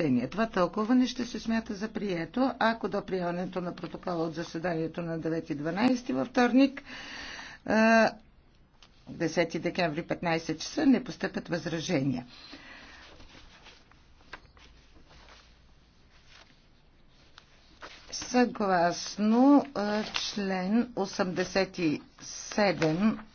съобщение. Това тълкуване ще се смята за прието, ако до приемането на протокола от заседанието на 9.12 във вторник 10 декември 15 часа не постъпят възражения. Съгласно член 87